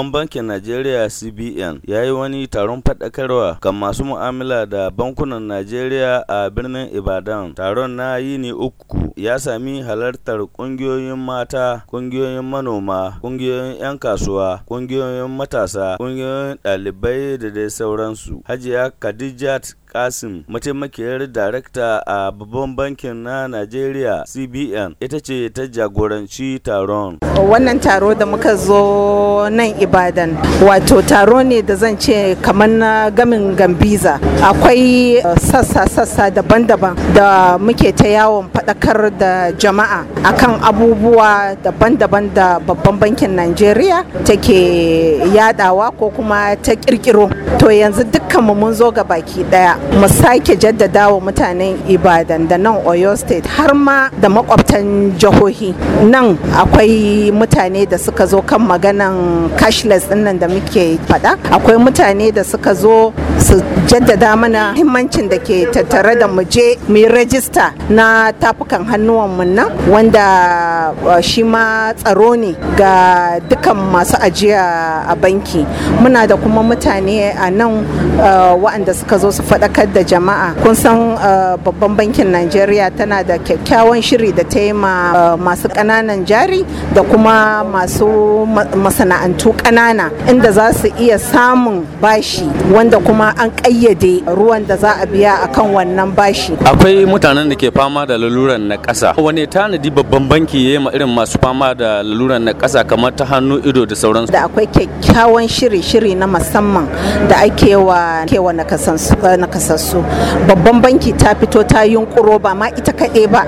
Babban bankin Najeriya CBN ya yi wani taron faɗakarwa kan masu mu'amala da bankunan Najeriya a birnin Ibadan. Taron na yi ne uku ya sami halartar ƙungiyoyin mata, ƙungiyoyin manoma, ƙungiyoyin 'yan kasuwa, ƙungiyoyin matasa, ƙungiyoyin ɗalibai da dai sauransu. Hajiya Khadijat Kasim mataimakiyar darakta a babban bankin na Najeriya CBN ita ce ta jagoranci taron. Wannan taro da muka zo nan Ibadan wato taro ne da zan ce kamar na gamin Gambiza akwai sassa-sassa eh, daban-daban da muke ta yawon faɗakar da jama'a akan abubuwa daban-daban da babban bankin Najeriya take yadawa ko kuma ta kirkiro to yanzu dukkanmu mun zo ga baki daya mu sake jaddada wa mutanen ibadan da nan oyo state har ma da makwabtan jihohi nan akwai mutane da suka zo kan maganan cashless dinnan da muke faɗa akwai mutane da suka zo su jaddada mana himmancin da ke tattare da mu je mu rajista na tafukan mu nan wanda uh, shi ma tsaro ne ga dukan masu ajiya a banki muna da kuma mutane a nan uh, waɗanda suka zo su faɗakar da jama'a kun san uh, babban bankin najeriya tana da kyakkyawan shiri da ta yi ma masu ƙananan jari da kuma masu masana'antu ƙanana inda za su iya samun bashi wanda kuma an ƙayyade ruwan da za a biya a kan wannan bashi akwai mutanen da ke fama da laluran na ƙasa wani tanadi babban banki ya yi irin masu fama da laluran na ƙasa kamar ta hannu ido da sauransu da akwai kyakkyawan shiri-shiri na musamman da ake wa kewa nakasassu babban banki ta fito ta yunkuro ba ma ita kaɗai ba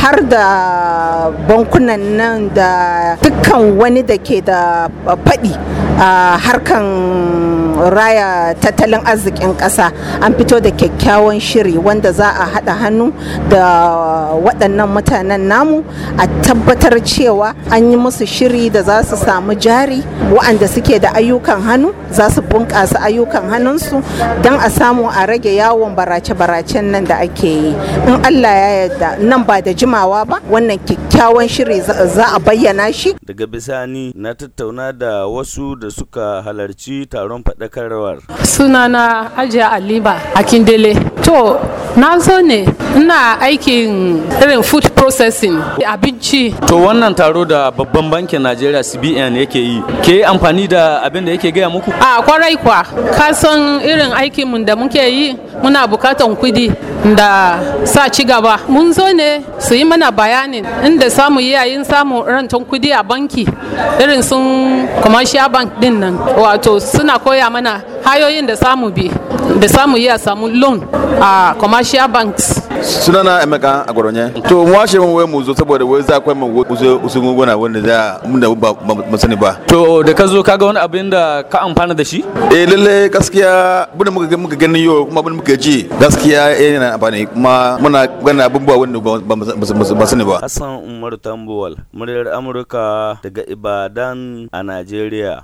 har da bankunan nan da dukkan wani da ke da faɗi a harkan raya tattalin arzikin ƙasa an fito da kyakkyawan shiri wanda za a haɗa hannu da waɗannan mutanen namu a tabbatar cewa an yi musu shiri da za su samu jari waɗanda suke da ayyukan hannu za su bunƙasa ayyukan hannunsu don a samu a rage yawon barace-baracen nan da ake yi in allah ya yarda nan ba da jimawa ba wannan kyakkyawan shiri za a bayyana shi daga bisani na tattauna da wasu da suka halarci taron faɗaka karawar rawar sunana ajiya aliba akindele to na zo ne ina aikin irin food processing abinci to wannan taro da babban bankin najeriya cbn yake yi ke amfani da abin da yake gaya muku a kwarai kwa ka san irin aikinmu da muke yi muna bukatan kudi da sa ci gaba mun zo ne su yi mana bayanin inda samu yayin samu rantan kudi a banki irin sun commercial bank din nan wato suna koya mana hayoyin da samu bi da samu yi a samu loan a commercial banks sunana emeka agwaronye to mu ashe mu wai mu zo saboda wai za akwai mu wasu gunguna wanda za mu da ba sani ba to da ka zo kaga wani abin da ka amfana da shi eh lalle gaskiya bin muka ga muka ganin yau kuma bin muka ji gaskiya eh yana amfani kuma muna ganin abubuwa wanda ba sani ba Hassan Umar Tambuwal muryar Amurka daga Ibadan a Najeriya